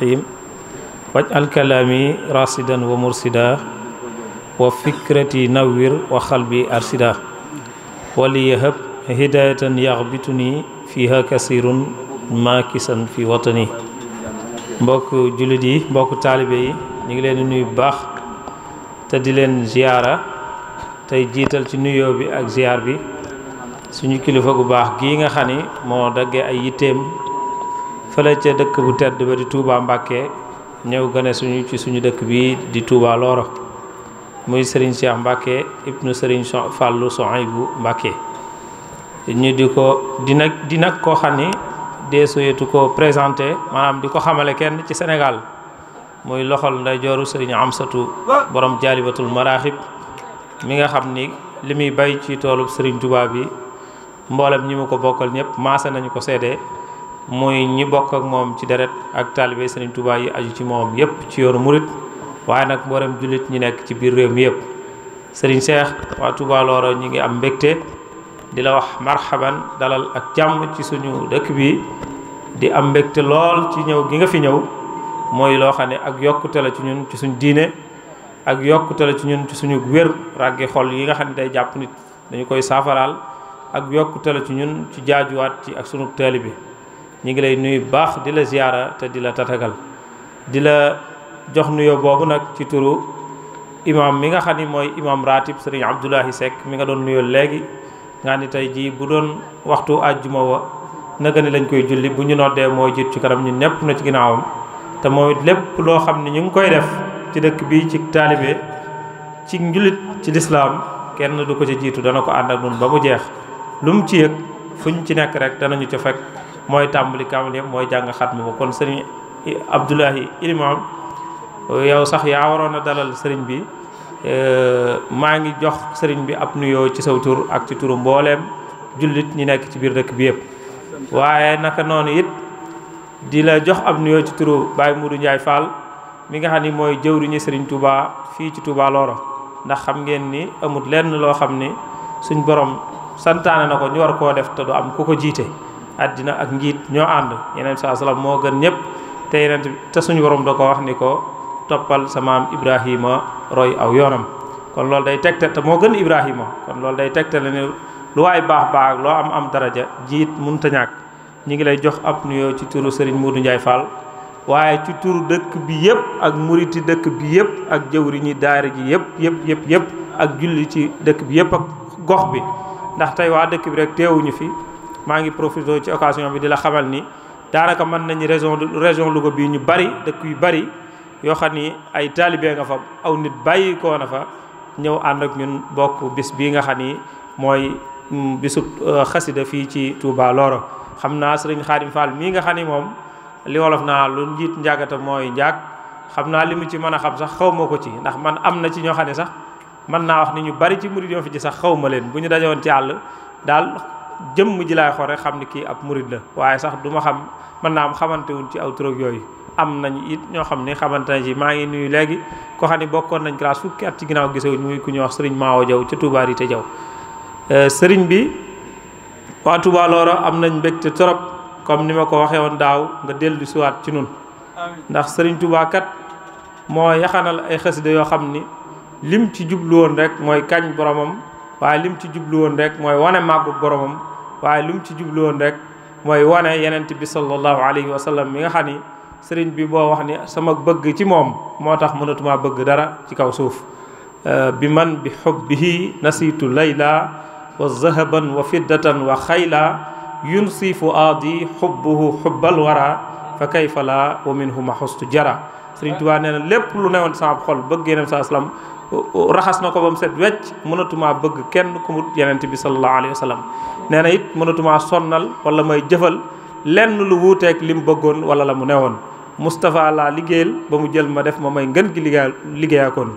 rahim waj al kalaami rasidan wa mursida wa fikrati nawwir wa xalbi arsida wali yahab hidayatan yaxbituni fiha kasirun maakisan fi watani mbokk jullit yi mbokk taalibe yi ñu ngi leen di nuyu bu baax te di leen ziyaara tey jiital ci nuyoo bi ak ziyaar bi suñu kilifa gu baax gii nga xam moo daggee ay yitteem fële ca dëkk bu tedd ba di Touba Mbàkke ñëw gane suñu ci suñu dëkk bi di Touba Loro muy Serigne Cheikh Mbàkke ibnu Serigne Fallou bu Mbàkke ñu di ko dinag dinag di koo xam ni deesoyetu ko présenté maanaam di ko xamale kenn ci senegal muy loxol nday jooru Serigne Amsatu borom jaalibatul maraaxib mi nga xam ni li muy bay ci toolub Serigne Touba bi mboolem ñi mu ko bokkal ñëpp maase nañu ko seede mooy ñi bokk ak moom ci deret ak taalibe Sëriñ Tuubaa yi aju ci moom yépp ci yoonu murit waaye nag mboolem jullit ñi nekk ci biir réew mi yépp Sëriñ Cheikh waa Touba Loro ñu ngi am mbégte di la wax marhaban dalal ak jàmm ci suñu dëkk bi di am mbégte lool ci ñëw gi nga fi ñëw mooy loo xam ne ak yokkute la ci ñun ci suñu diine ak yokkute la ci ñun ci suñu wér ràggi xol yi nga xam ne day jàpp nit dañu koy saafaraal ak yokkute la ci ñun ci jaajuwaat ci ak sunu taalibe bi ñu ngi lay nuyu baax di la ziyaara te di la tatagal di la jox nuyoo boobu nag ci turu imaam mi nga xam ni mooy imaam ratib sëriñ Abdoulahi Seck mi nga doon nuyoo léegi nga ni tey jii bu doon waxtu àjjuma wa naka ni lañ koy julli bu ñu noddee mooy jiit ci kanam ñun ñëpp na ci ginnaawam te moom it lépp loo xam ne ñu ngi koy def ci dëkk bi ci taalibe ci njulit ci lislaam kenn du ko ci jiitu dana ko ànd ak nun ba mu jeex lu mu ci yëg fu ñu ci nekk rek danañu ca fekk mooy tàmbali kaamil yëpp mooy jàng xatma ko kon sëriñ Abdoulahi Ilimam yow sax yaa waroon a dalal sëriñ bi eh, maa ngi jox sëriñ bi ab nuyoo ci saw tur ak ci turu mbooleem jullit ñi nekk ci biir dëkk bi yëpp waaye naka noonu it di la jox ab nuyoo ci turu Baye Moudou Ndiaye Fall mi nga xam ni mooy jëwriñu sëriñ Touba fii ci Touba Loro ndax xam ngeen ni amut lenn loo xam ni suñ borom santaane na ko ñu war koo def te du am ku ko jiite àddina ak njiit ñoo ànd yeneen saa salaam moo gën ñëpp te yeneen te suñu woroom da ko wax ni ko toppal sama am Ibrahima roy aw yoonam kon loolu day tegtal te moo gën Ibrahima kon loolu day tegtal ne lu waay baax baax loo am am daraja jiit mënut tañaak ñàkk ñu ngi lay jox ab nuyoo ci turu Serigne Modou Ndiaye Fall waaye ci turu dëkk bi yëpp ak muriti dëkk bi yëpp ak jëw jëwriñi daara ji yëpp yëpp yëpp yëpp ak julli ci dëkk bi yëpp ak gox bi ndax tey waa dëkk bi rek teewuñu fi maa ngi profité ci occasion bi di la xamal ni daanaka mën nañu région région Louga bii ñu bari dëkk yu bari yoo xam ni ay taalibe nga fa aw nit bàyyi na fa ñëw ànd ak ñun bokk bis bii nga xam ni mooy mm, bisu euh, xasida fii ci Touba xam naa sëriñ Xaadim Fall mii nga xam ni moom li wolof naa lu njiit njàggata mooy njaag xam naa li mu ci mën a xam sax xaw ma ko ci ndax man am na ci ñoo xam ne sax mën naa wax ni ñu bari ci murid yoo fi ci sax xaw ma leen bu ñu dajoon ci àll daal jëmm ji laay xore xam ni kii ab murit la waaye sax du ma xam mën naa am xamante wun ci aw turoog yooyu am nañ it ñoo xam ne xamante nañ ci maa ngi nuyu léegi ko bokkoon nañ classe fukki ci ginnaaw gisewuñ muy ku ñuy wax sëriñ Maawo Jaw ca Touba Rite Jaw euh, sëriñ bi waa am nañ mbégte trop comme ni ma ko waxee woon daaw nga dellu siwaat ci nun ndax sëriñ Touba kat moo yaxanal ay xasida yoo xam ni lim ci jublu woon rek mooy kañ boromam waaye lim ci jublu woon rek mooy wane màggu boromam waaye lu mu ci jubluwoon rek mooy wane yenent bi sallallahu alayhi wa sallam mi nga xam ni sëriñ bi boo wax ni sama bëgg ci moom moo tax mënatuma bëgg dara ci kaw suuf euh, bi man bi xubbihi nasiitu layla wa zahaban wa fiddatan wa xayla yunsi fuaadi xubbuhu xubbal wara fa kayfa la wa minhuma xustu jara sëriñ Tuubaa nee na lépp lu newoon sama xol bëgg yeneen saa salaam raxas na ko ba mu set wecc mënatumaa bëgg kenn ku mu yenent bi sallallahu alayhi wa nee na it mënatumaa sonnal wala may jëfal lenn lu wuuteeg li mu bëggoon wala la mu newoon Moustapha laa liggéeyal ba mu jël ma def ma may ngën gi liggéey liggéeyaakoon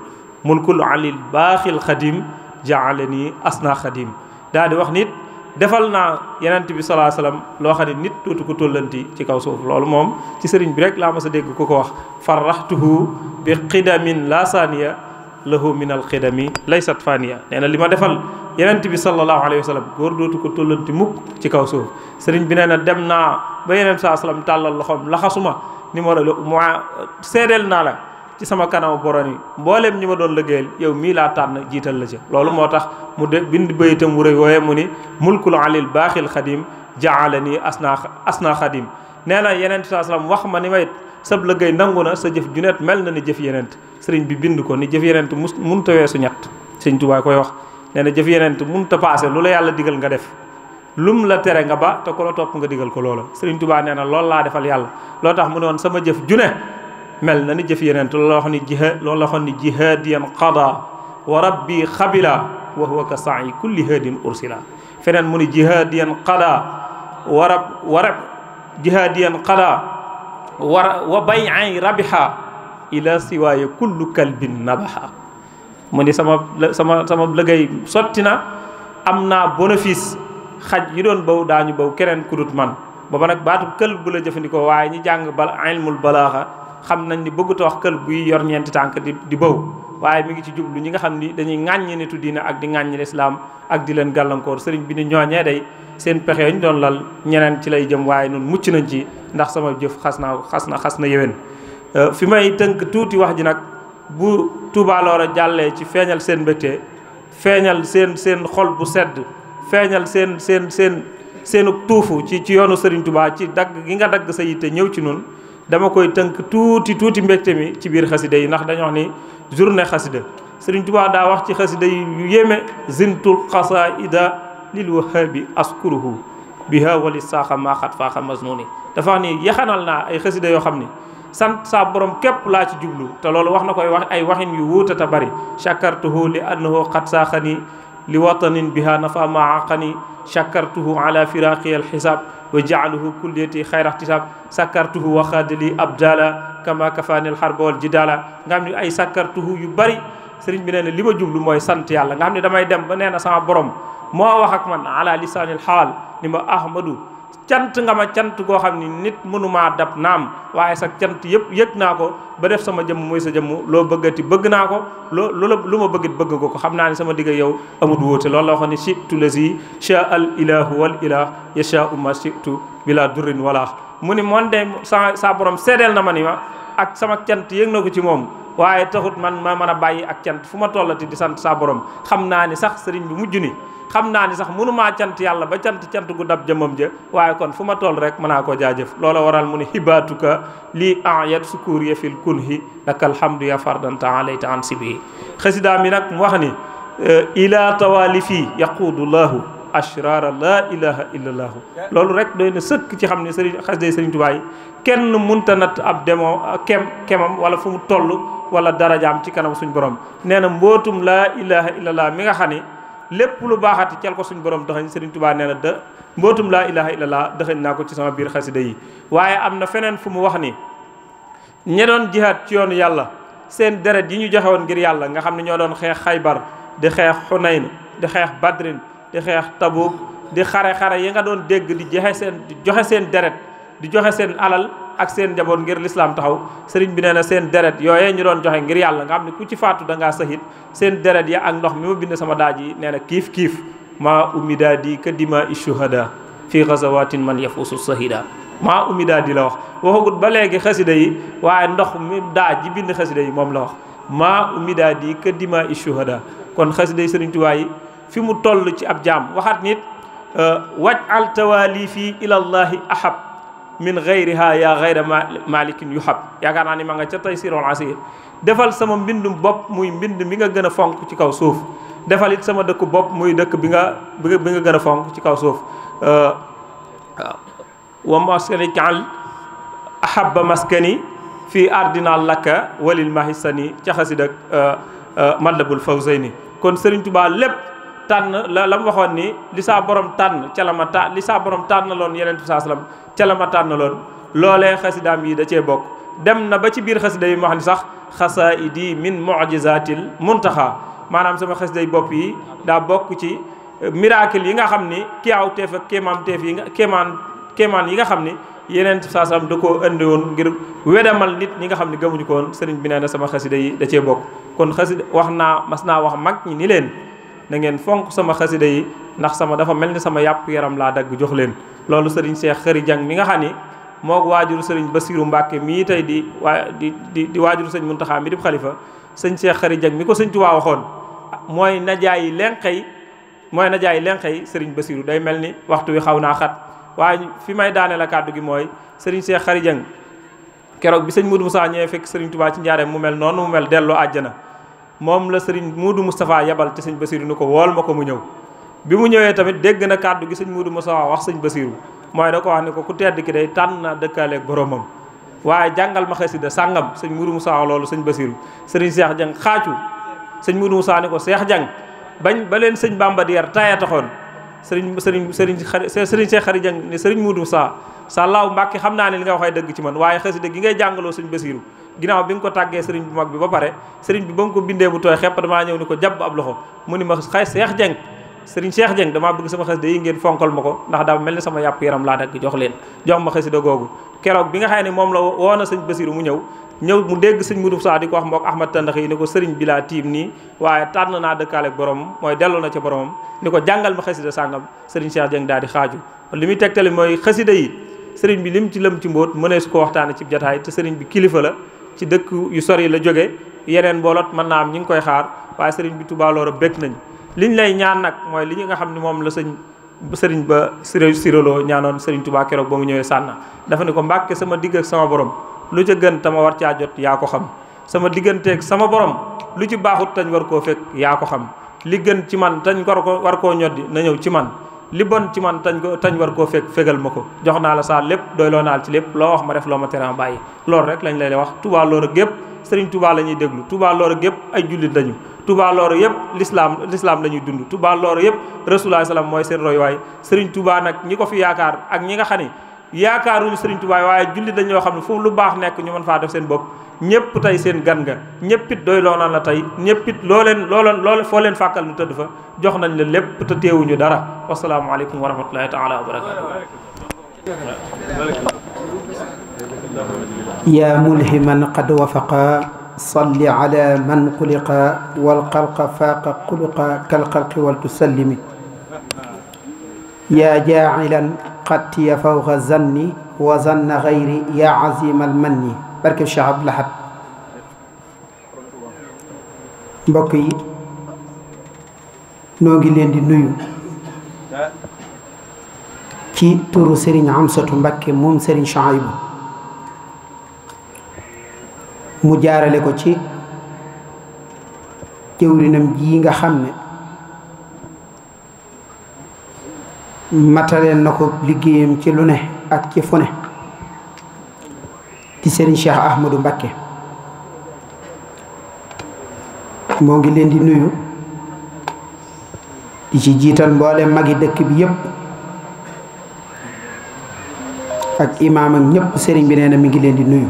mulkul alil baaxil xadim jaale nii asna xadim daa di wax nit defal naa yenent bi salaa loo xam ne nit tuuti ko tollanti ci kaw suuf loolu moom ci sëriñ bi rek laa mas a dégg ku ko wax farraxtuhu bi xidamin la saaniya lahu min al xidami laysat faaniya nee li ma defal yeneent bi sallallahu alayhi wa sallam góor dootu ko tollanti mukk ci kaw suuf sëriñ bi nee na dem naa ba yeneen saa salaam tàllal loxoom laxasuma ni ma ma seedeel naa la ci sama kanamu borom yi ñi ma doon liggéeyal yow mii laa tànn jiital la ci loolu moo tax mu de bind bayitam wu rëy wooye mu ni mulkul alil baaxil xadim jaala nii asna asna xadim nee na yeneen saa salaam wax ma ni may sab liggéey nangu na sa jëf junet mel na ni jëf yenent sëriñ bi bind ko ni jëf yenent mus mënut a weesu ñett sëriñ Tuubaa koy wax nee na jëf yenent mënut a paase lu la yàlla digal nga def lu mu la tere nga ba te ko la topp nga digal ko loola Sëriñ Tuubaa nee na loolu laa defal yàlla loo tax mu ne woon sama jëf june mel na ni jëf yenent loolu la waxoon ni jihaad loolu la waxoon ni jihaad yan qadaa wa rabbi xabila wa huwa ka sa'i feneen mu ni jihaad yan qadaa wa rab wa rab jihaad yan wa wa bay'an rabiha ila kalbin nabaha mu ni sama sama sama liggéey sotti na am naa bénéfice xaj yi doon baw daañu baw keneen ku dut man booba nag baatu kël bu la jëfandikoo waaye ñi jàng bal ilmul balaaxa xam nañ ni bëggut a wax kël buy yor ñeenti tànk di di baw waaye mu ngi ci jublu ñi nga xam ni dañuy ŋàññi nitu diina ak di ŋàññi lislaam ak di leen gàllankoor sëriñ bi ni ñooñee day seen pexe ñu doon lal ñeneen ci lay jëm waaye noonu mucc nañ ci ndax sama jëf xas naa xas na xas na yéwén fi may tënk tuuti ji nag bu Touba a jàllee ci feeñal seen mbégte feeñal seen seen xol bu sedd feeñal seen seen seen seenu tuufu ci ci yoonu Serigne Touba ci dagg gi nga dagg sa yitte ñëw ci noonu dama koy tënk tuuti tuuti mbégte mi ci biir xasida yi ndax dañoo wax ni ne xasida Serigne Touba daa wax ci xasida yi yu yéeme zintul xasaida lil wahabi askuruhu biha wali saaxa maaxat faaxa masnuni dafa wax ni yaxanal naa ay xasida yoo xam ni sant saa borom képp laa ci jublu te loolu wax na koy wax ay waxin yu wuute te bari shakartuhu li annahu qad saaxani li watanin biha nafa maa aqani shakartuhu ala firaqi alxisaab wa jaaluhu kulliyati xayra ihtisaab sakartuhu wa xaadali abdala kama kafaani alxarba wal jidaala nga xam ne ay sakartuhu yu bari sëriñ bi nee na li ma jublu mooy sant yàlla nga xam ne damay dem ba nee na sama borom moo wax ak man ala lisaanil xaal ni ma ahmadu cant nga ma cant goo xam ni nit mënumaa dab naam waaye sa cant yëpp yëg naa ko ba def sama jëmm muy sa jëmm loo bëggati bëgg naa ko loo loola lu ma bëggit bëgg ko ko xam naa ne sama digg yow amut wóote loolu la waxoon ne chitu lazi cha al ilahu wal ilah yashau ma chitu bila durrin wala mu ni moon de sa saa borom seedeel na ma ni ma ak sama cant yëg na ko ci moom waaye taxut man ma mën a bàyyi ak cant fu ma tollati di sant saa borom xam xam naa ni sax mënumaa cant yàlla ba cant cant gu dab jëmam ja waaye kon fu ma toll rek mën naa ko jaajëf loola waral mu ne xibaatuka lii ayat sukuur ya fil kunhi laka alhamdu ya fardanta alayta an sibii xasida mi nag mu wax ni eh, ila tawalifi yaquudu laahu ashraara laa ilaha illa laahu loolu rek doy na sëkk ci xam ne sëriñ xasida sëriñ Tuubaa yi kenn munta nat ab demoo kem kemam wala fu mu toll wala darajaam ci kanam suñ borom nee na laa ilaha illa laa mi nga xam ni lépp lu baaxati cal ko suñ borom dëxañ Sëriñ Tuubaa nee na de mbootum laa ilaha illallah dëxañ naa ko ci sama biir xasida yi waaye am na feneen fu mu wax ni ñe doon jihaat ci yoonu yàlla seen deret yi ñu joxe woon ngir yàlla nga xam ne ñoo doon xeex xaybar di xeex xunayn di xeex badrin di xeex tabuk di xare-xare yi nga doon dégg di joxe seen di joxe seen deret di joxe seen alal ak seen njaboot ngir lislaam taxaw sëriñ bi nee na seen deret yooyee ñu doon joxe ngir yàlla nga xam ne ku ci faatu da ngaa sahit seen deret ya ak ndox mi ma bind sama daaj yi nee kiif kiif maa umida di la wax waxagut ba léegi xasida yi waaye ndox mi daaj yi bind xasida yi moom la wax ma umida di ka dima ishuhada kon xasida yi sëriñ Tuubaa yi fi mu toll ci ab jaam waxaat nit waj al tawalifi ilallahi ahab min gayriha yaa gayra malikin yuhab yaakaar naa ni ma nga ca tey sirul asir defal sama mbindum bopp muy mbind mi nga gën a fonk ci kaw suuf defal it sama dëkk bopp muy dëkk bi nga bi nga gën a fonk ci kaw suuf wa maskani al ahabba maskani fii ardina lakka walil mahisani ca xasid ak uh, uh, madlabul fawzayni kon Sëriñ Tuubaa lépp tànn la la mu waxoon ni li saa borom tànn ca la ma tànn li saa borom tànnaloon yeneen saa salaam ca la ma tànnaloon loolee xasidaam yi da cee bokk dem na ba ci biir xasida yi mu wax ni sax xasaidi min mujizatil muntaxa maanaam sama xasida yi bopp yi daa bokk ci eh, miracle yi nga xam ni kiiaw teef ak kéemaan teef yi nga kéemaan kéemaan yi nga xam ni yeneen saa salaam da ko indi woon ngir wedamal nit ñi nga xam ne gëmuñu ko woon sëriñ bi nee na sama xasida yi da cee bokk na fonk sama xasida yi ndax sama dafa mel ni sama yàpp yaram laa dagg jox leen loolu sëriñ Cheikh Khary Dieng mi nga xam ni moog waajuru sëriñ Bassirou Mbacke mii tey di waa di di di sëñ Mountakha mi di xalifa sëñ Cheikh Khary mi ko sëñ Tuubaa waxoon mooy najaayi lenqey mooy najaayi lenqey sëriñ Bassirou day mel ni waxtu wi xaw naa xat waaye fi may daane la kàddu gi mooy sëriñ Cheikh Khary Dieng keroog bi sëñ Modou Moussa ñëwee fekk sëriñ Tuubaa ci njaareem mu mel noonu mu mel delloo àjjana moom la sëriñ Muudu Moustapha yebal ci sëñ Basiru ni ko wool ma ko mu ñëw bi mu ñëwee tamit dégg na kàddu gi sëñ Muudu Moustapha wax sëñ Basiru mooy da ko wax ni ko ku tedd ki day tànn naa dëkkaaleeg boromam waaye jàngal ma xasida sàngam sëñ Muudu Moustapha loolu sëñ Basiru sëriñ Seex Jang xaacu sëñ Muudu Moustapha ni ko Seex Jang bañ ba leen sëñ Bàmba di yar taya taxoon sëriñ sëriñ sëriñ sëriñ Seex Xari Jang ne sëriñ Muudu Moustapha sa laaw Mbàkke xam naa ne li nga waxee dëgg ci man waaye xasida gi ngay jàngaloo sëñ Basiru ginnaaw bi nga ko tàggee sëriñ bu mag bi ba pare sëriñ bi ba nga ko bindee bu tooy xepp damaa ñëw ni ko jàpp ab loxo mu ni ma xay Seex Jeng sëriñ Seex Jeng damaa bëgg ngeen fonkal ma ko ndax daa mel ni sama yàpp yaram laa dagg jox leen jox ma xasida googu bi nga xam ne moom la woo na sëñ Basiru mu ñëw ñëw mu dégg sëñ Mudu Saa di ko wax mbokk Ahmad Tandax yi ni ko sëriñ bi laa tiim nii waaye tànn naa dëkkaale boromam mooy delloo na ca boromam ni ko jàngal ma xasida sàngam sëriñ Cheikh Jeng daal di xaaju li muy tegtale mooy xasida yi sëriñ bi lim ci lëm ci mbóot su ko waxtaanee ci jataay te sëriñ bi kilifa la ci dëkk yu sor yi la jóge yeneen mbooloot mën naa am ñu ngi koy xaar waaye sëriñ bi Touba Loro bëgg li ñu lay ñaan nag mooy li ñu nga xam ne moom la sëñ sëriñ ba siré siréloo ñaanoon sëriñ tubaa keroog ba mu ñëwee sànna dafa ne ko mbàkke sama digg ak sama borom lu ca gën ma war caa jot yaa ko xam sama digganteeg sama borom lu ci baaxut tañ war koo fekk yaa ko xam li gën ci man tañ war ko war koo ñoddi na ñëw ci man li bon ci man tañ ko tañ war koo fekk fegal ma ko jox naa la saa lépp doy loo naal ci lépp loo wax ma def loo ma tere terrain bàyyi loolu rek lañ lay wax Touba Loro gépp sëriñ Touba la ñuy déglu Touba Loro gépp ay jullit lañu Touba Loro yëpp lislaam lislaam la dund Touba Loro yëpp Rasulullah salaam mooy seen royuwaay sëriñ Touba nag ñi ko fi yaakaar ak ñi nga xam ne yaakaaruñu Sëriñ Tuubaa waaye julli dañoo xam ne foofu lu baax nekk ñu mën faa def seen bopp ñëpp tey seen gan nga ñëppit doy loo naan la tey ñëppit loo leen looloon lool foo leen fàkkal nu tëdd fa jox nañ la lépp te teewuñu dara wasalaamaaleykum wa rahmatulahi taala wa barakaatu yaa mulhiman qad wafaqa salli ala man xuliqa wal xalqa faaqa xuluqa kal xalqi wal tusallimi yaa jaacilan xattiya fawqa zanni wa zanna xayri yaa azimal manni barkeb Cheikh Abdou mbokk yi noo ngi leen di nuyu ci turu Serigne Amsatu Mbakke moom Serigne Chouaïbou mu jaarale ko ci jëwrinam ji nga xam ne mataleen na ko liggéeyam ci lune ne ak ci fu ne di sëriñ Cheikh Ahmadou Mbacké moo ngi leen di nuyu di ci jiital mboole magi dëkk bi yépp ak imaam ak ñépp sëriñ bi nee na mi ngi leen di nuyu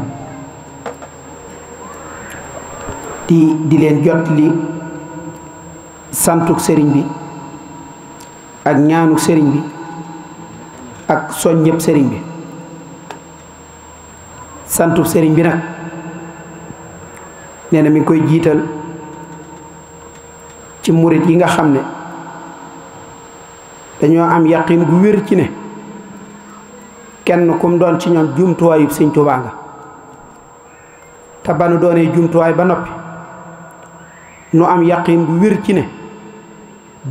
di di leen jot li santuk sëriñ bi ak ñaanu sëriñ bi ak soññëb sëriñ bi santub sëriñ bi nag nee na mi ngi koy jiital ci murit yi nga xam ne dañoo am yàqin gu wér ci ne kenn kum doon ci ñoom jumtuwaayu sëñ Tuubaa nga te ba nu doonee jumtuwaay ba noppi nu am yàqin gu wér ci ne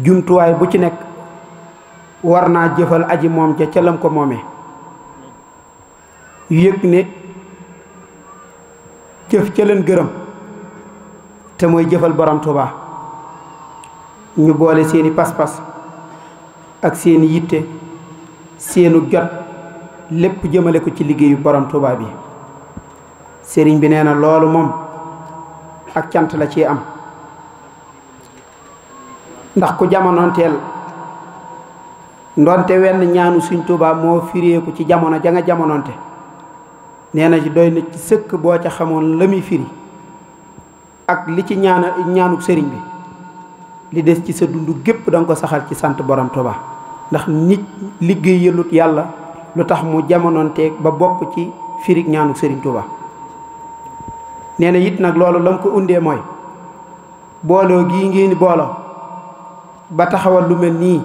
jumtuwaay bu ci nekk war naa jëfal aji moom ja ca lam ko moomee yëg ne jëf ca leen gërëm te mooy jëfal borom Tuubaa ñu boole seeni pas-pas ak seeni yitte seenu jot lépp jëmale ko ci liggéeyu borom Tuubaa bi sëriñ bi nee na loolu moom ak cant la ci am ndax ku jamonoonteel ndonte wenn ñaanu suñ Tuubaa moo fireeku ci jamono ja nga jamononte ji doy na ci sëkk boo ca xamoon lami muy firi ak li ci ñaana ñaanu sëriñ bi li des ci sa dund gépp danga ko saxal ci sant borom Tuubaa ndax nit liggéeyalut yàlla lu tax mu jamononteeg ba bokk ci firig ñaanu sëriñ Tuubaa neena na it nag loolu la mu ko undee mooy booloo gii ngeen booloo ba taxawal lu mel nii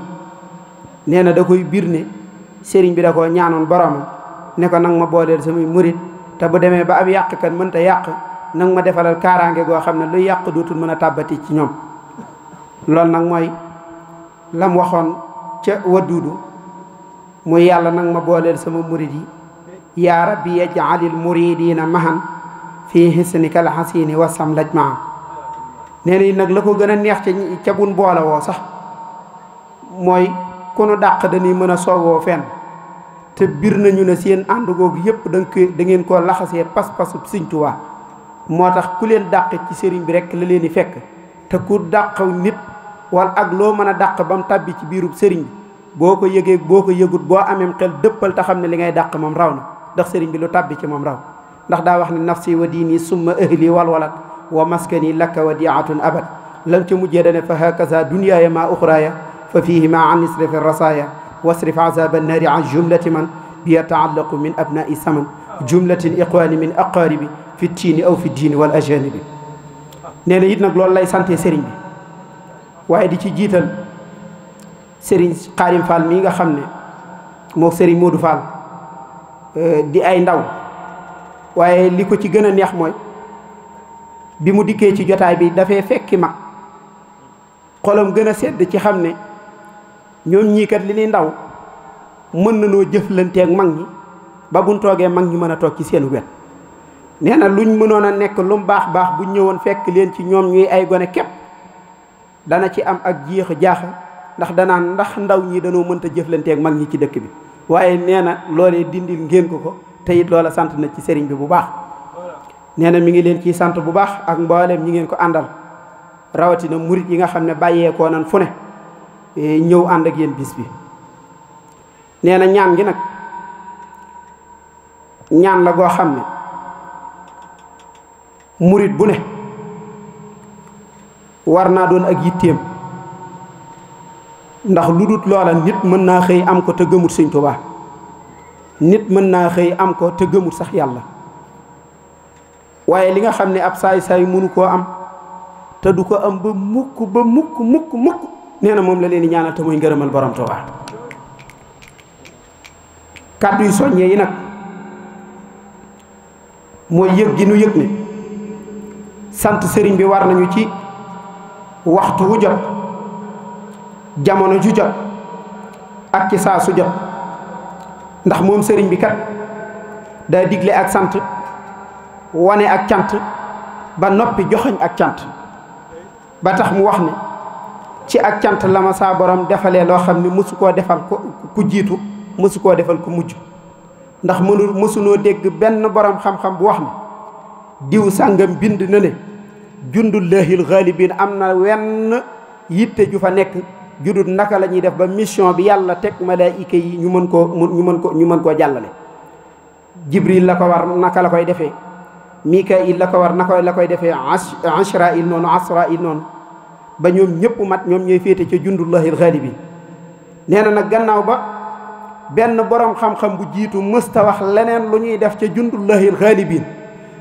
nee na da koy bir ne sëriñ bi da koo ñaanoon boromam ne ko nang ma booleel samay murit te bu demee ba ab yàqkat mënta yàq nang ma defalal kaaraange goo xam ne lu yàq dootul mën a tàbbati ci ñoom loolu nag mooy lam waxoon ca wadduudu muy yàlla nang ma booleel sama murit yi yaa rabbi yaj'alil muridina mahan fii hisnika alhasini wasam laj maa nee na nag la ko gën a neex ca ca bun boole woo sax mooy ku nu dàq dañuy mën a soowoo fenn te bir nañu ne seen ànd googu yépp da da ngeen koo laxasee pas-pasu Sëriñ Tuubaa moo tax ku leen dàq ci sëriñ bi rek la leen di fekk te ku dàq nit wal ak loo mën a dàq ba mu tàbbi ci biirub sëriñ bi boo ko yëgee boo ko yëgut boo amem xel dëppal te xam ne li ngay dàq moom raw na ndax sëriñ bi lu tàbbi ci moom raw ndax daa wax ne nafsi wa diini summa ahli walwalat wa maskani lakka wa diatun abad lañ ci mujjee dane fa hakaza dunyaaya maa uxraaya fa fihima an isrif rasaya wasrif azab annaari an jumlati man bi yataallaqu min abnai saman jumlatin iqwaani min aqaaribi fi tiini aw fi diini wal ajanibi nee na it nag loolu lay sante sëriñ bi waaye di ci jiital sëriñ Xaarim Fall mii nga xam ne moo sëriñ Modou Fall euh, di ay ndaw waaye li ko ci gën a neex mooy bi mu dikkee ci jotaay bi dafay fekki mag xolam gën a sedd ci xam ne ñoom ñii kat li ñuy ndaw mën na noo jëflanteeg mag ñi ba buñ toogee mag ñi mën a toog ci seenu wet nee na luñ mënoon a nekk lu mu baax baax bu ñëwoon fekk leen ci ñoom ñuy ay gone képp dana ci am ak jiix jaaxa ndax danaan ndax ndaw ñi danoo mënta jëflanteeg mag ñi ci dëkk bi waaye nee na loolee dindil ngéen ko ko te it loola sant na ci seriñ bi bu baax nee na mi ngi leen ciy sant bu baax ak mboolem ñi ngeen ko àndal rawatina murit yi nga xam ne bàyyeekoo nan fu ne Eh, ñëw ànd ak yéen bis bi nee na ñaan gi nag ñaan la goo xam ne murit bu ne war naa doon ak yitteem ndax lu dut loola nit mën naa xëy am ko te gëmut sëñ Tuubaa nit mën naa xëy am ko te gëmut sax yàlla waaye li nga xam ne ab saay saay mënu koo am te du ko am ba mukk ba mukk mukk mukk nee na moom la leen di ñaanal te muy ngërëmal borom Tuuba kàddu soññee yi nag mooy yëg gi nu yëg ne sant sëriñ bi war nañu ci waxtu wu jot jamono ju jot ak ci saa su ndax moom sëriñ bi kat daa digle ak sant wane ak cant ba noppi joxoñ ak cant ba tax mu wax ne ci ak cant la ma saa borom defalee loo xam ne mosu koo defal ku jiitu mosu koo defal ku mujj ndax mënul mësunoo dégg benn borom xam-xam bu wax ne diw sàngam bind na ne jundullahil xaalibiin am na wenn yitte ju fa nekk judut naka la ñuy def ba mission bi yàlla teg malaayika yi ñu mën koo ñu mën ko ñu mën koo jàllale jibril la ko war naka la koy defee mikail la ko war naka la koy defee ashrail noonu asrail noonu ba ñoom ñëpp mat ñoom ñooy féete ca jundullahil xaalibi nee na nag gannaaw ba benn borom xam-xam bu jiitu mësta wax leneen lu ñuy def ca jundullahil xaalibiin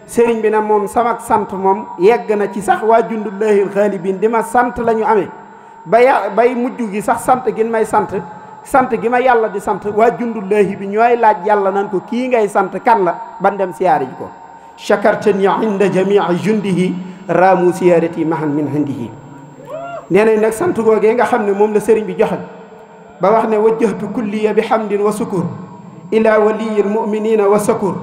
sëriñ bi ne moom sama sant moom yegg na ci sax waa jundullahil xaalibiin di ma sant la ñu amee ba ya bay mujj gi sax sant gi may sant sant gi ma yàlla di sant waa jundullaahi bi ñooy laaj yàlla nan ko kii ngay sant kan la ban dem siyaare ji ko chakartani inda jamii jundihi raamu siyaarati mahan min hindihi nee nañ nag sant yi nga xam ne moom la sëriñ bi joxal ba wax ne wajjahtu kulliya bi xam hamdin wa sukur ila waliyil muminina wa sakur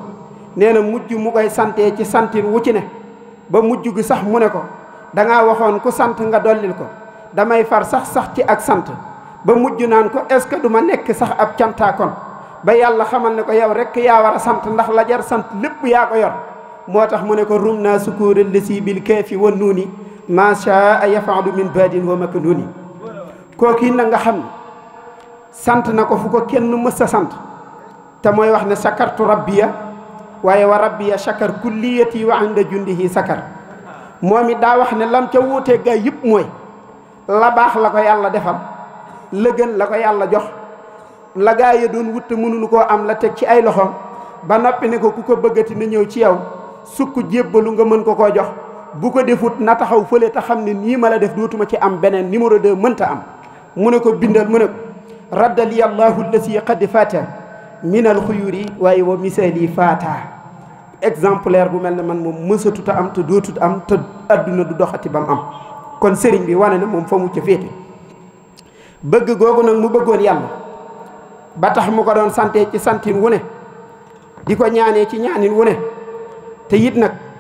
nee na mujj mu koy santee ci santin wu ci ba mujj gi sax mu ne ko dangaa waxoon ku sant nga dollil ko damay far sax sax ci ak sant ba mujj naan ko est que du ma nekk sax ab cantaakon ba yàlla xamal ne ko yow rekk yaa war a sant ndax la jar sant lépp yaa ko yor moo tax mu ne ko rum naa sukuural lisi bil keefi wa nuuni maa shaa yafaalu min baadin wa maknuni kooku it nag nga xam sant na ko fu ko kenn mës sant te mooy wax ne sakartu rabbiya waaye wa rabbiya sakar kulliyati wa inda jundihi sakar moom it daa wax ne lam ca wuutee gaa yëpp mooy la baax la ko yàlla defal la gën la ko yàlla jox la gaa ya doon wut te mënuñu koo am la teg ci ay loxoom ba noppi ne ko ku ko bëggati na ñëw ci yow sukk jébbalu nga mën ko koo jox bu ko defut na taxaw fële te xam ne nii ma la def dootuma ci am beneen numéro 2 mënta am mu ne ko bindal mu ne ko radda li allahu lasi qad fata min al xuyuri waaye wa misali fata exemplaire bu mel ne man moom mësatut am te dootut am te adduna du doxati ba mu am kon sëriñ bi wane na moom fa mu ca féete bëgg googu nag mu bëggoon yàlla ba tax mu ko doon santee ci santin wu ne di ko ñaanee ci ñaanin wu te it nag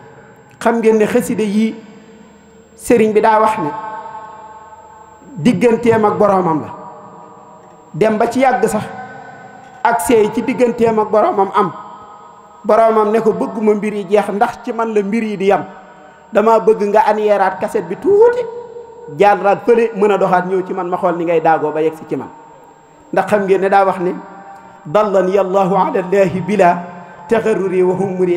xam ngeen ne xasida yii sëriñ bi daa wax ne digganteem ak boroomam la dem ba ci yàgg sax ak seey ci digganteem ak boroomam am boroomam ne ko bëgguma mbir yi jeex ndax ci man la mbir yi di yam dama bëgg nga aneeraat kaset bi tuuti jaaraat fële mën a doxaat ñëw ci man ma xool ni ngay daagoo ba yegg si ci man ndax xam ngeen ne daa wax ne dallani allahu ala llaahi bila taxaruri wa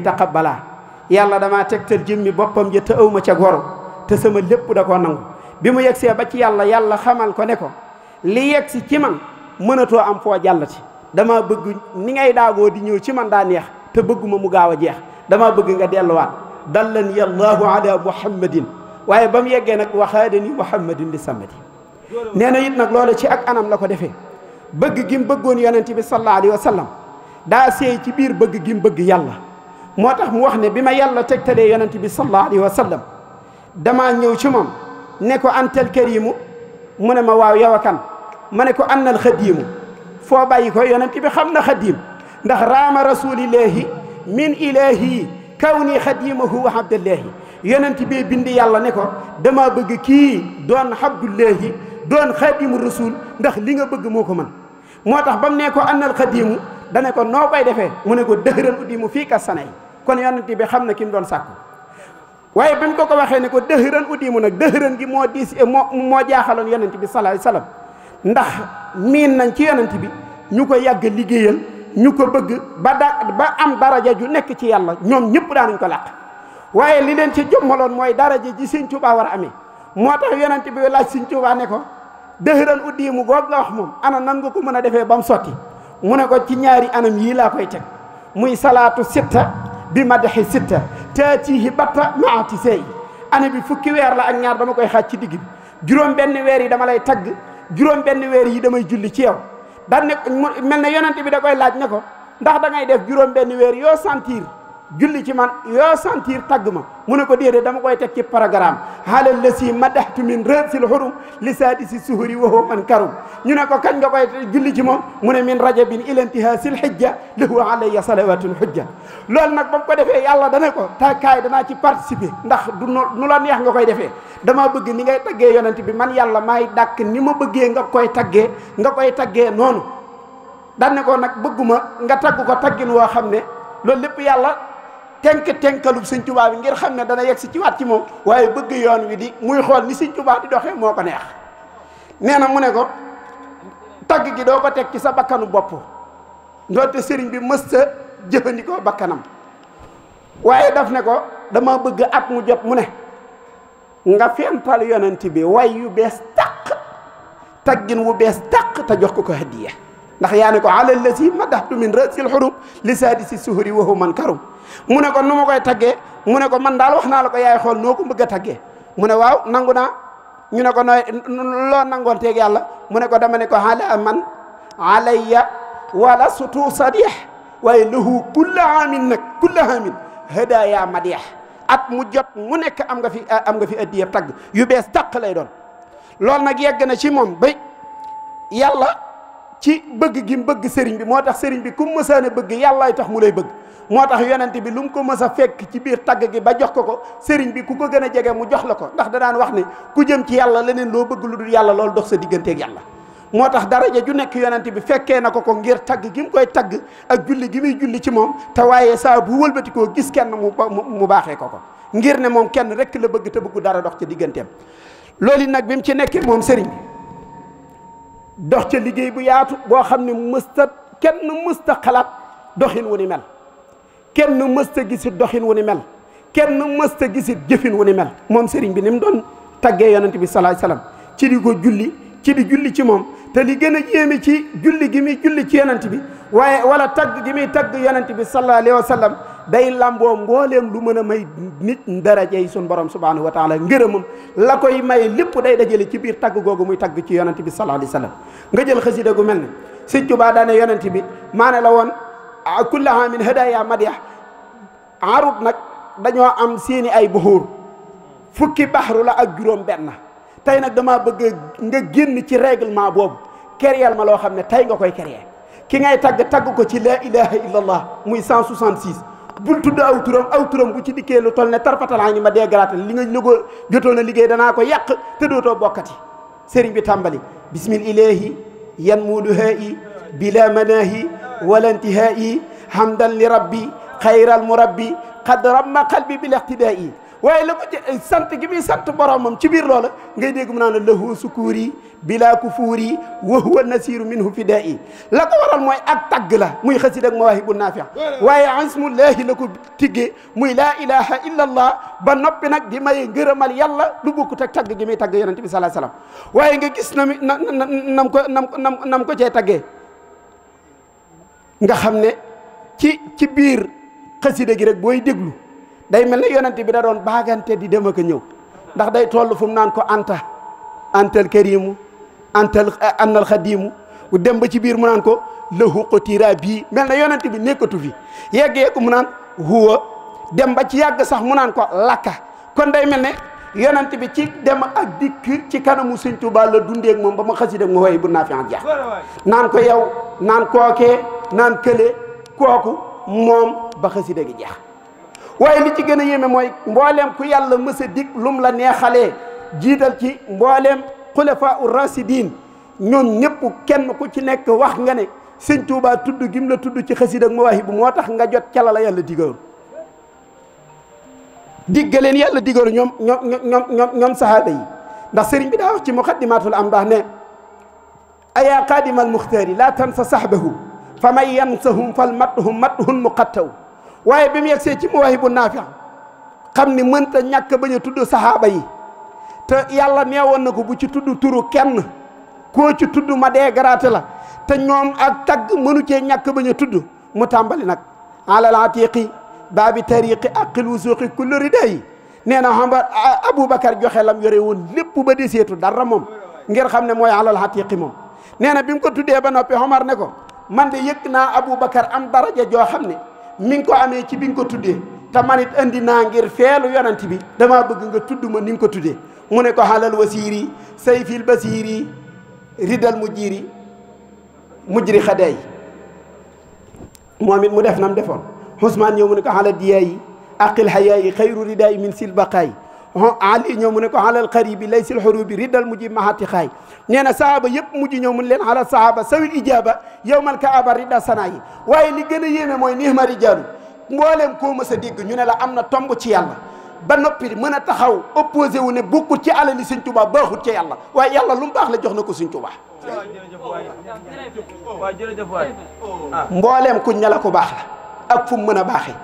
taqab balaa yàlla damaa tegtal jëmmi boppam ja te aw ma ca goro te sama lépp da koo nangu bi mu yegsee ba ci yàlla yàlla xamal ko ne ko li yegsi ci man mënatoo am foo jàllati damaa bëgg ni ngay daagoo di ñëw ci man daa neex te bëgguma mu gaaw a jeex damaa bëgg nga delluwaat dan dallani allahu ala muhammadin waaye ba mu yeggee nag waxaadani muhammadin li samadi nee na it nag loolu ci ak anam la ko defee bëgg gi mu bëggoon yonent bi sallallahu alayhi wa sallam daa ci biir bëgg gi bëgg yàlla moo tax mu wax ne bi ma yàlla tegtalee yonent bi sallallahu alayhi wa sallam damaa ñëw ci moom ne ko antal karimu mu ne ma waaw yow a kan ma ne ko annal xadiimu foo bàyyi ko yonent bi xam na xadiim ndax raama rasulillahi min ilahi kawni xadiimahu wa abdillahi yonent bi bindi yàlla ne ko dama bëgg kii doon abdullahi doon xadiimu rasul ndax li nga bëgg moo ko mën moo tax ba mu ne ko annal xadiimu dane ko noo koy defee mu ne ko dëxëran uddimu fii ka kon yonent bi xam na ki doon sàkku waaye bañ ko ko waxee ne ko dëhëran uddi mu nag dëhëran gi moo diis moo moo jaaxaloon yonent bi salaay salaam ndax miin nañ ci yonent bi ñu ko yàgg liggéeyal ñu ko bëgg ba da ba am daraja ju nekk ci yàlla ñoom ñëpp daanañ ko làq waaye li leen ci jëmmaloon mooy daraja ji Sëñ war a amee moo tax yonent bi laaj Sëñ Tuubaa ne ko dëhëran mu goog nga wax moom nan nga ko mën a defee ba mu sotti mu ne ko ci ñaari anam yii laa koy muy salaatu sitta bi madaxi sitta taatihi batta maati sey année bi fukki weer la ak ñaar dama koy xaaj ci digg juróom benn weer yi dama lay tagg juróom benn weer yi damay julli ci yow daan mel ne yonent bi da koy laaj ne ko ndax da ngay def juróom benn weer yoo sentir julli ci man yoo sentir tagg ma mu ne ko déedéet dama koy teg ci programme xaalal la si madaxtu min rësil xurum li saadi si suhuri waxoo man karum ñu ne ko kañ nga koy julli ci moom mu ne min rajabin ilantiha sil xijja lahu wa salawatun xujja loolu nag ba mu ko defee yàlla dana ko takkaay danaa ci participer ndax du nu la neex nga koy defee damaa bëgg ni ngay taggee yonent bi man yàlla maay dàkk ni ma bëggee nga koy taggee nga koy taggee noonu daan ko nag bëgguma nga tagg ko taggin woo xam ne loolu lépp yàlla tenk tenkalub sëñ Tuubaa bi ngir xam ne dana yegg si ci waat ci moom waaye bëgg yoon wi di muy xool ni sëñ Tuubaa di doxee moo ko neex nee na mu ne ko tagg gi doo ko teg ci sa bakkanu bopp ndoonte sëriñ bi mësta jëfandikoo bakkanam waaye daf ne ko dama bëgg at mu jot mu ne nga fental yonent bi way yu bees tàq taggin wu bees taq te jox ko ko hadiya ndax yaa ne ko ala lasi madaxtu min rasil xurub li sadisi suhuri wahu man karum mu ne ko nu ma koy taggee mu ne ko man daal wax naa la ko yaay xool noo ko bëgg a taggee mu ne waaw nangu naa ñu ne ko nooy loo nangoon teeg yàlla mu ne ko dama ne ko ala man alayya wala sutu sadih waaye lahu kulla amin nag kulla amin hadaya madih at mu jot mu nekk am nga fi am nga fi addiya tagg yu bees tàq lay doon loolu nag yegg na ci moom ba yàlla ci bëgg gi mu bëgg sëriñ bi moo tax sëriñ bi ku mu bëgg yàllaay tax mu lay bëgg moo tax yonent bi lu mu ko mës a fekk ci biir tagg gi ba jox ko ko sëriñ bi ku ko gën a jege mu jox la ko ndax da daan wax ne ku jëm ci yàlla leneen loo bëgg lu dul yàlla loolu dox sa digganteeg yàlla moo tax daraja ju nekk yonent bi fekkee na ko ko ngir tagg gi mu koy tagg ak julli gi muy julli ci moom te waaye saa bu wëlbatikoo gis kenn mu mu baaxee ko ko ngir ne moom kenn rek la bëgg te bëggu dara dox ci digganteem loolu nag bi mu ci nekkee moom sëriñ bi dox ca liggéey bu yaatu boo xam ne mësta kenn mësta xalaat doxin wu ni mel kenn mësta gisit doxin wu ni mel kenn mësta gisit jëfin wu ni mel moom sëriñ bi ni mu doon taggee yonent bi salaay salaam ci di ko julli ci di julli ci moom te li gën a yéeme ci julli gi muy julli ci yonent bi waaye wala tagg gi muy tagg yonent bi sallallahu wa sallam day làmboo mbooleem lu mën a may nit daraje yi suñ borom subhanahu wa taala ngërëmam la koy may lépp day dajale ci biir tagg googu muy tagg ci yonent bi sallallahu alayhi wasallam nga jël xasida gu mel ne sëñ baa daane yonent bi maa ne la woon kullaha min hadaya madiyah arut nag dañoo am seeni ay buxuur fukki baxru la ak juróom benn tey nag damaa bëgg nga génn ci règlement boobu kéréel ma loo xam ne tey nga koy créer ki ngay tagg tagg ko ci la ilaha illallah muy 166 bul tudd aw turam aw turam bu ci dikkee lu toll ne tarfatalaa ni ma dee garaatal li nga lëgoo jotoon a liggéey danaa ko yàq te dootoo bokkati sëriñ bi tàmbali bismil ilahi yan muuluhaa'i bila manaahi wala intihaa'i hamdan li rabbi xayral murabbi qad ramma qalbi bil ihtidaa'i waaye la ko sant gimi muy sant boromam ci biir loola ngay dégg mu naan lahu sukuuri bila kufuuri wa huwa nasiru minhu fidaa'i la ko waral mooy ak tagg la muy xasid ak mawaahibu naafi'a waaye ismullahi la ko tiggee muy laa ilaha illa ba noppi nag di may ngërëmal yàlla lu bokkut ak tagg gi muy tagg yonente bi sallallahu alayhi waaye nga gis na mi na na nam ko nam nam nam ko cee taggee nga xam ne ci ci biir xasida gi rek booy déglu day mel ne yonent bi da doon baagante di dem ak a ñëw ndax day toll fu mu naan ko anta antal karimu antal eh, annal xadimu bu dem ba ci biir mu naan ko lahu tiiraa bii mel na yonent bi nekkatu fi yeggee ko mu naan huwa dem ba ci yàgg sax mu naan ko lakka kon day mel ne yonent bi ci dem ak dikk ci kanamu Sëñ Tuubaa la dundee moom ba ma xasi dem nga woy bu naa fi jeex naan ko yow naan kookee naan kële kooku moom ba xasi gi jeex waaye li ci gën a yéeme mooy mbooleem ku yàlla mës a dig lum la neexalee jiital ci mbooleem xulafaa u rasidiin ñoom ñëpp kenn ku ci nekk wax nga ne sëñ Tuubaa tudd gim la tudd ci xasida ak mawaahibu moo tax nga jot cala yàlla diggoon diggaleen yàlla diggoon ñoom ñoom ñoom ñoom ñoom yi ndax sëriñ bi daa wax ci muqaddimatul am baax ne ayaa qaadimal muxtaari laa tansa sahbahu fa man yansahum fal mathum mathun muqattaw waaye bi mu see ci Mawaahibu Naafi' xam ni mënta ñàkk bañ a tudd saxaaba yi te yàlla neewoon na ko bu ci tudd turu kenn koo ci tudd ma dee garaate la te ñoom ak tagg mënu cee ñàkk bañ a tudd mu tàmbali nag alal atiqi baabi tariqi aqil wusuqi kullu riday nee na xam nga Aboubacar joxe lam yore woon lépp ba seetu dara moom ngir xam ne mooy alal atiqi moom nee na bi mu ko tuddee ba noppi Omar ne ko man de yëg naa Aboubacar am daraja joo xam ne ni nga ko amee ci bi ko tuddee te man it andi naa ngir feelu yonent bi dama bëgg nga tudd ma ni ko tuddee mu ne ko xalal wasiiri sayfil basiiri ridal mujjiri mujjiri xadeey moom it mu def nam defoon Ousmane mu ne ko xalal diyaa yi aqil xayaa yi xayru ridaa yi min sil baqaay on ali ñëw mu ne ko alal xaribi lay sil xurubi riddal mujji mahati xaay nee na sahaba yëpp mujj ñëw mu ne leen ala sahaba sawil ijaba yowmal kaaba ridda sanaa yi waaye li gën a yéeme mooy nihma rijaalu mbooleem koo mës a dégg ñu ne la am na tomb ci yàlla ba noppi mën a taxaw opposé wu ne bokkut ci alali Sëñ Tuubaa baaxut ci yàlla waaye yàlla lu mu la jox na ko Sëñ Tuubaa waaw jërëjëf waay mbooleem kuñ la ko baax ak fu mu mën a baaxee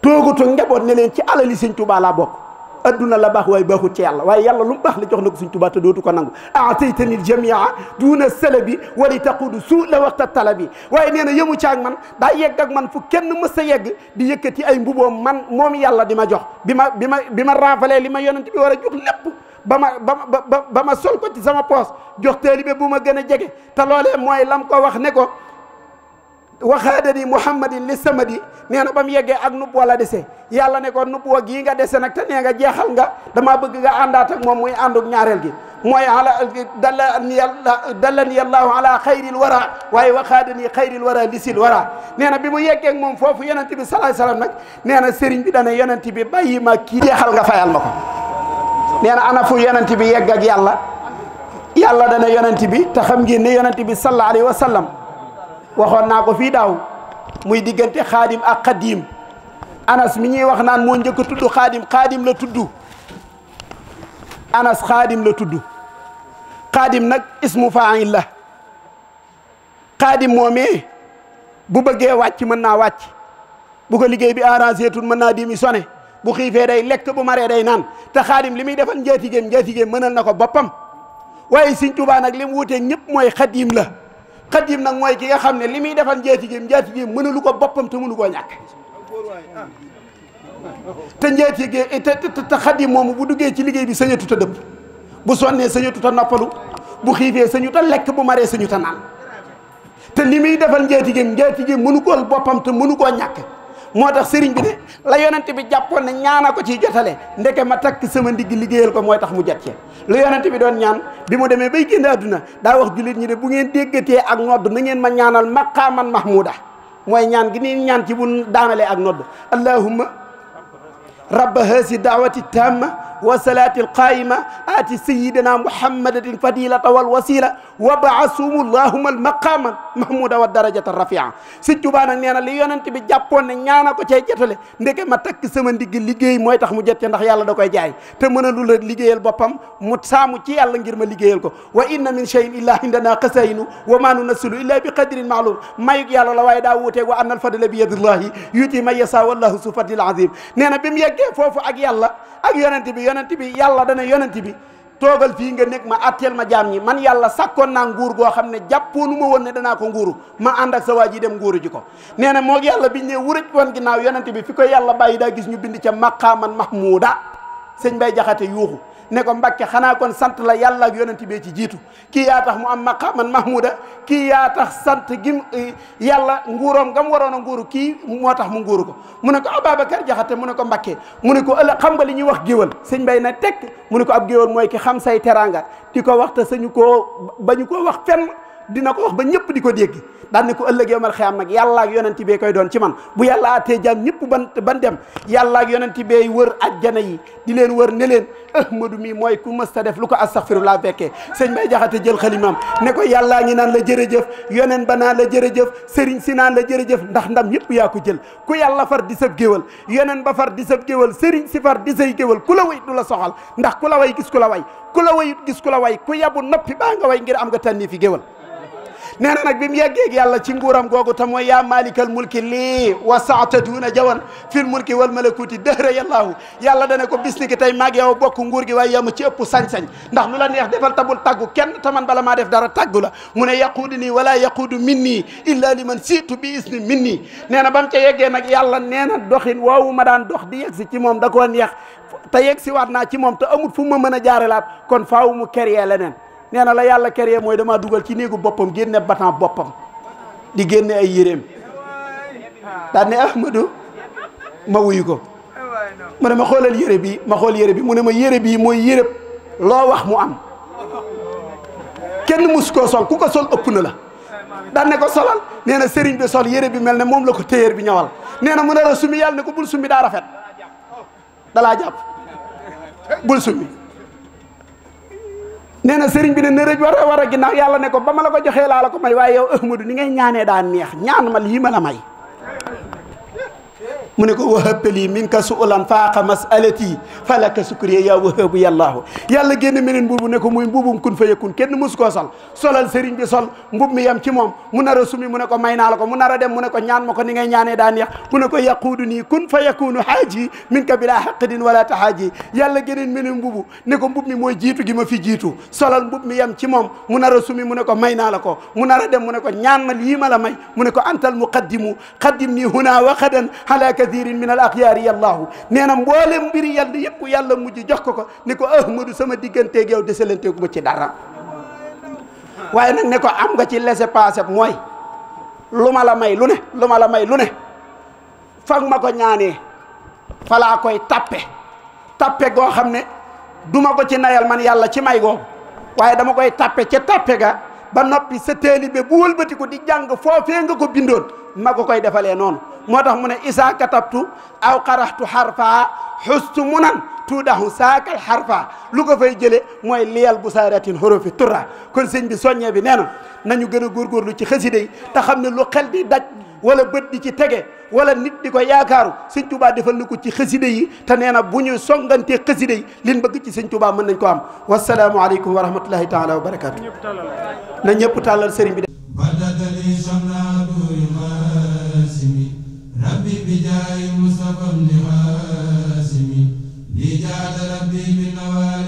toogutu njaboot ne leen ci alali Sëñ Tuubaa laa bokk adduna la baax waaye baaxut ci yàlla waaye yàlla lu mu baax la jox na ko suñ tubaa te dootu ko nangu ataytani jamia duuna salabi wali taqudu suu la waxta talabi waaye nee na yëmu caag man daa yegg ak man fu kenn mës a yegg di yëkkati ay mbuboom man moom yàlla di ma jox bi ma bi ma bi ma raafalee li ma yonent bi war a jox lépp ba ma ba ba ba ma sol ko ci sama poos jox taalibe bu ma gën a jege ta loolee mooy lam ko wax ne ko waxaada di muhammadin li samadi nee na ba yeggee ak nub wala dese yàlla ne ko nub wa gii nga dese nag te nee nga jeexal nga damaa bëgg nga àndaat ak moom muy ànduk ñaareel gi mooy ala dalani dalani allahu ala xayril wara waaye waxaada ni xayril wara lisil wara nee na bi mu yeggee moom foofu yonent bi salaay salaam nag nee na sëriñ bi dana yonent bi bàyyi ma kii jeexal nga fayal ma ko nee na ana fu yonent bi yegg ak yàlla yàlla dana yonent bi te xam ngeen ne yonent bi sallallahu alayhi wa waxoon naa ko fii daaw muy diggante xaadim ak xadiim anas mi ñuy wax naan moo njëkk a tudd xaadim kaadim la tudd anas xaadim la tudd xaadim nag ismu faa'il la moo moomee bu bëggee wàcc mën naa wàcc bu ko liggéey bi arrangé tut mën naa démissionné bu xiifee day lekk bu maree day naan te xaadim li muy defal njaatigéem njaatigéem mënal na ko boppam waaye Sëñ Tuubaa nag li mu wutee ñëpp mooy xadiim la xadim nag mooy ki nga xam ne li muy defal njaatigéem njaatigéem mënalu ko boppam te mënu ko ñàkk te njaatigéem te te xadim moomu bu duggee ci liggéey bi sañatu ta dëpp bu sonnee sañatu ta noppalu bu xiifee sañu ta lekk bu maree sañu ta naan te li muy defal njaatigéem njaatigéem mënu ko boppam te mënu koo ñàkk moo tax sëriñ bi de la yonent bi jàppoon ne ñaana ko ciy jotale ndeke ma takk sama ndigg liggéeyal ko mooy tax mu jot ci la yonent bi doon ñaan bi mu demee bay génn àdduna daa wax jullit ñi de bu ngeen déggatee ak nodd na ngeen ma ñaanal maqaaman mahmuda mooy ñaan gi ni ñaan ci bu daanalee ak nodd allahumma رب هذه الدعوة التامة والصلاة القائمة آت سيدنا محمد الفضيلة والوسيلة وبعثهم اللهم المقام محمود والدرجة الرفيعة wa Tuubaa nag nee na li yonent bi jàppoon ne ñaana ko cay jotale ndeke ma takk sama ndigg liggéey mooy tax mu jot ca ndax yàlla da koy jaay te mënalu la liggéeyal boppam mu saamu ci yàlla ngir ma liggéeyal ko wa inna min cheyin illaa indana xasayinu wa maa nunazzilu illaa bi yàlla la waaye daa wuuteeg wa anna al fadla bi yadillahi yuti man yasaa wallahu su fadlil azim nekkee foofu ak yàlla ak yonent bi yonent bi yàlla dana yonent bi toogal fi fii nga nekk ma atteel ma jaam ñi man yàlla sakkoon naa nguur goo xam ne jàpp ma woon ne danaa ko nguuru ma ànd ak sa waa ji dem nguuru ji ko nee na moo yàlla biñ ne wurëj woon ginnaaw yonent bi fi ko yàlla bàyyi daa gis ñu bind ca maqaaman mahmuuda sëñ bay jaxate yuuxu ne ko Mbàkke xanaa kon sant la yàlla ak yonent bee ci jiitu kii yaa tax mu am man maqaaman mahmuda kii yaa tax sant gim eh, yàlla nguuroom gam waroon a nguuru kii moo tax mu nguuru ko mu ne ko Ababacar ah, Jaxate mu ne ko Mbàkke mu ne ko ëllëg xam nga li ñuy wax géwal sëñ bay na tekk mu ne ko ab géwal mooy ki xam say teraanga di ko wax sañu koo bañu koo wax fenn dina ko wax ba ñëpp di ko dégg daan ne ko ëllëg yowmal am nag yàlla ak yonent bee koy doon ci man bu yàlla atee jaam ñëpp ban ban dem yàlla ak yonent bee wër ajjana yi di leen wër ne leen ahmadu mi mooy ku mës ta def lu ko astaghfirullah fekkee sëñ bay jaxate jël xalimaam ne ko yàllaa ngi naan la jërëjëf yonen ba naan la jërëjëf sëriñ si naan la jërëjëf ndax ndam yëpp yaa ko jël ku yàlla far di sab géwal yonen ba far di sab géwal sëriñ si far di say géwal ku la way du la soxal ndax ku la way gis ku la way ku la gis ku la way ku yabu noppi baa way ngir am nga tànni fi géwal nee na nag bi mu yeggeeg yàlla ci nguuram googu te mooy yaa maalikal mulki lii wasaata duuna jawan fil mulki wal malakuuti dëhra yallaahu yàlla dane ko bis ni ki tey maag yow bokk nguur gi waaye yow ma ci ëpp sañ-sañ ndax lu la neex defal tabul taggu kenn taman bala maa def dara taggu la mu ne yaquudu nii wala yaquudu min nii illa li man siitu bi isni min nii nee na ba mu ca yeggee nag yàlla nee na doxin woowu ma daan dox di yegsi ci moom da koo neex te yegsi waat naa ci moom te amul fu ma mën a jaarelaat faaw mu créer leneen nee na la yàlla kere mooy damaa dugal ci néegu boppam génne batan boppam di génne ay yéreem daan ma Ahmadou ma wuyu ko mu ne ma xoolal yére bi ma xool yére bi mu ne ma yére bii mooy yére loo wax mu am kenn mus koo sol ku ko sol ëpp na la daan ne ko solal nee na sëriñ bi sol yére bi mel ne moom la ko téyeer bi ñawal nee na mu ne la sumi yàlla ne ko bul summi daa rafet dalaa jàpp bul sumi nee na bi ne ne rëj war a war a ginnaaw yàlla ne ko ba ma la ko joxee laa la ko may waaye yow Ahmadu ni ngay ñaanee daa neex ñaan ma lii ma la may mu ne ko wahabali min ka sulan faaqa masalati falaka sukriya yaa wahabu yàllaahu yàlla génn meneen mbubu ne ko muy mbubum kun fa yakun kenn mosu sol solal sëriñ bi sol mbub mi yam ci moom mu nar a ko may naa la ko a dem mu ne ko ñaan ma ko ni ngay ñaanee daa neex mu ne ko yaquudu nii kun fa yakunu haaji min ka bila haqdin wala tahaaji yàlla mi mooy jiitu gi ma mu nar a sumi ne ko may naa ko mu nar a dem mu ne ko ñaan ma may mu ne ko antal muqaddimu qaddim nii huna wa xadan halaka kathirin min al axyaari yallaahu nee na mboolem mbiri yàlla yëpp yàlla mujj jox ko ko ni ko ahmadu sama digganteeg yow desalanteegu ma ci dara waaye nag ne ko am nga ci laissez-passer mooy lu ma la may lu ne lu ma la may lu ne fag ma ko ñaanee falaa koy tappe tappe goo xam ne duma ko ci nayal man yàlla ci may googu waaye dama koy tappe ca tappe ga ba noppi sa taalibe bu wëlbati ko di jàng foofee nga ko bindoon ma koy defalee noonu moo tax mu ne isaa katabtu aw xaraxtu xarfaa xustu munan tuudahu saakal xarfa lu ko fay jëlee mooy liyal bu saaratin xorofi turra kon sëñ bi soññee bi nee na nañu gën a lu ci xasida yi te xam ne lu xel di daj wala bët di ci tege wala nit di ko yaakaaru sëñ Tuubaa defal na ko ci xasida yi te nee na bu ñu songantee xasida yi liñ bëgg ci sëñ Tuubaa mën nañ ko am wasalaamu aleykum wa rahmatullahi taala wa barakaatu na ñëpp tàllal sëriñ bi de ijaada rabbi min nawaari